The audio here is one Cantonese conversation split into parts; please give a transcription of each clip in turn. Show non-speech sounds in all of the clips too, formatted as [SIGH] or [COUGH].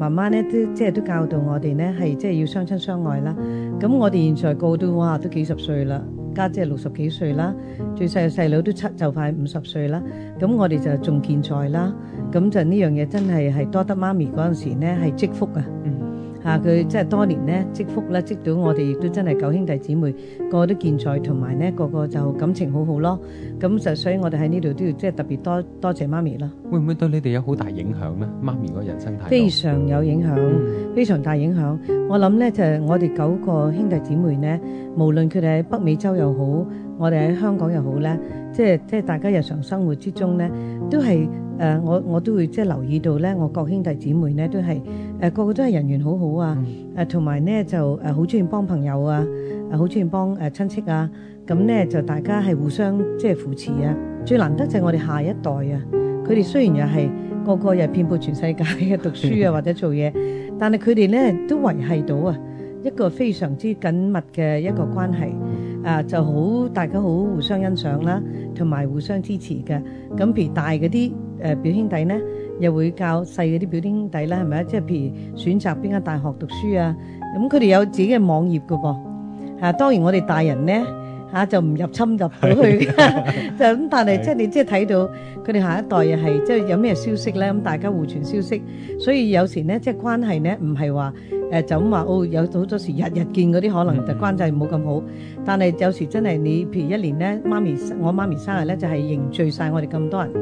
媽媽咧都即係都教導我哋咧係即係要相親相愛啦。咁我哋現在個都哇都幾十歲啦，家姐六十幾歲啦，最細嘅細佬都七就快五十歲啦。咁我哋就仲健在啦。咁就呢樣嘢真係係多得媽咪嗰陣時咧係積福啊。嗯嚇佢即係多年咧積福咧積到我哋亦都真係九兄弟姊妹個個都健在，同埋咧個個就感情好好咯。咁就所以我哋喺呢度都要即係特別多多謝媽咪咯。會唔會對你哋有好大影響咧？媽咪個人生態度非常有影響，非常大影響。我諗咧就係我哋九個兄弟姊妹咧，無論佢哋喺北美洲又好，我哋喺香港又好咧，即係即係大家日常生活之中咧，都係誒我我都會即係留意到咧，我各兄弟姊妹咧都係。誒個個都係人緣好好啊！誒同埋咧就誒好中意幫朋友啊，誒好中意幫誒、啊、親戚啊，咁、啊、咧、嗯啊嗯嗯、就大家係互相即係扶持啊！嗯、最難得就係我哋下一代啊，佢哋雖然又係個個又係遍布全世界嘅、啊、讀書啊或者做嘢， [LAUGHS] 但係佢哋咧都維繫到啊一個非常之緊密嘅一個關係。 [LAUGHS] 啊，就好大家好互相欣賞啦，同埋互相支持嘅。咁、啊、譬如大嗰啲誒表兄弟咧，又會教細嗰啲表兄弟啦，係咪啊？即係譬如選擇邊間大學讀書啊。咁佢哋有自己嘅網頁噶噃。嚇、啊，當然我哋大人咧嚇、啊、就唔入侵入到去， [LAUGHS] [LAUGHS] 就咁。但係 [LAUGHS] 即係你即係睇到佢哋下一代又係即係有咩消息咧，咁大家互傳消息。所以有時咧即係關係咧唔係話。誒、呃、就咁話哦，有好多時日日見嗰啲可能就關係冇咁好，嗯、但係有時真係你譬如一年咧，媽咪我媽咪生日咧就係、是、凝聚晒我哋咁多人，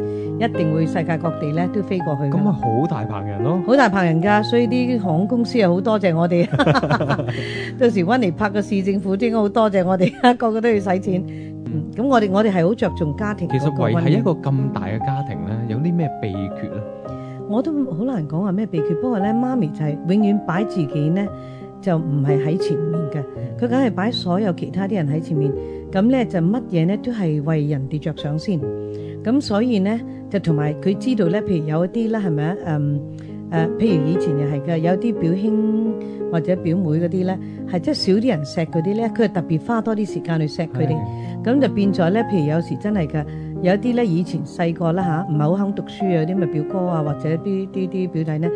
一定會世界各地咧都飛過去。咁咪好大棚人咯、哦，好、嗯、大棚人㗎，所以啲航空公司又好多謝我哋。 [LAUGHS] [LAUGHS] 到時温尼泊嘅市政府都應該好多謝我哋啊， [LAUGHS] 個個都要使錢。咁、嗯嗯、我哋我哋係好着重家庭。其實維係一個咁大嘅家庭咧，有啲咩秘訣咧？我都好難講話咩秘訣，不過咧媽咪就係永遠擺自己咧就唔係喺前面嘅，佢梗係擺所有其他啲人喺前面，咁咧就乜嘢咧都係為人哋着想先，咁所以咧就同埋佢知道咧，譬如有一啲啦係咪啊？嗯誒、啊，譬如以前又係嘅，有啲表兄或者表妹嗰啲咧，係即係少啲人錫嗰啲咧，佢係特別花多啲時間去錫佢哋，咁的就變咗咧，譬如有時真係嘅。有啲咧以前細個啦吓，唔係好肯讀書啊！有啲啲咪表哥啊，或者啲啲啲表弟咧，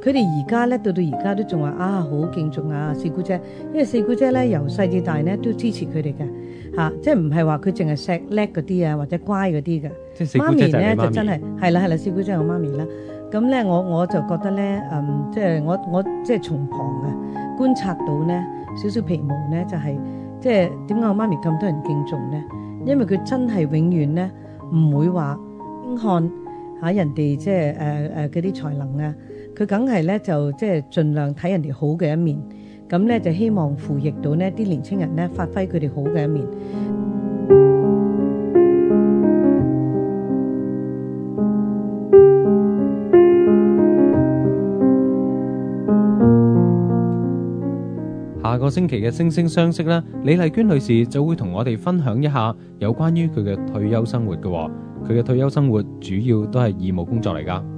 佢哋而家咧到到而家都仲話啊好敬重啊四姑姐，因為四姑姐咧由細至大咧都支持佢哋嘅吓，即係唔係話佢淨係錫叻嗰啲啊，或者乖嗰啲嘅。媽咪咧就真係係啦係啦，四姑姐我媽咪啦，咁咧我我就覺得咧嗯，即係我我即係從旁啊，觀察到咧少少皮毛咧就係即係點解我媽咪咁多人敬重咧？因為佢真係永遠咧。唔會話輕看吓人哋，即係誒誒嗰啲才能啊！佢梗係咧就即係盡量睇人哋好嘅一面，咁咧就希望扶掖到呢啲年青人咧發揮佢哋好嘅一面。 [MUSIC] 下個星期嘅星聲相識咧，李麗娟女士就會同我哋分享一下有關於佢嘅退休生活嘅。佢嘅退休生活主要都係義務工作嚟噶。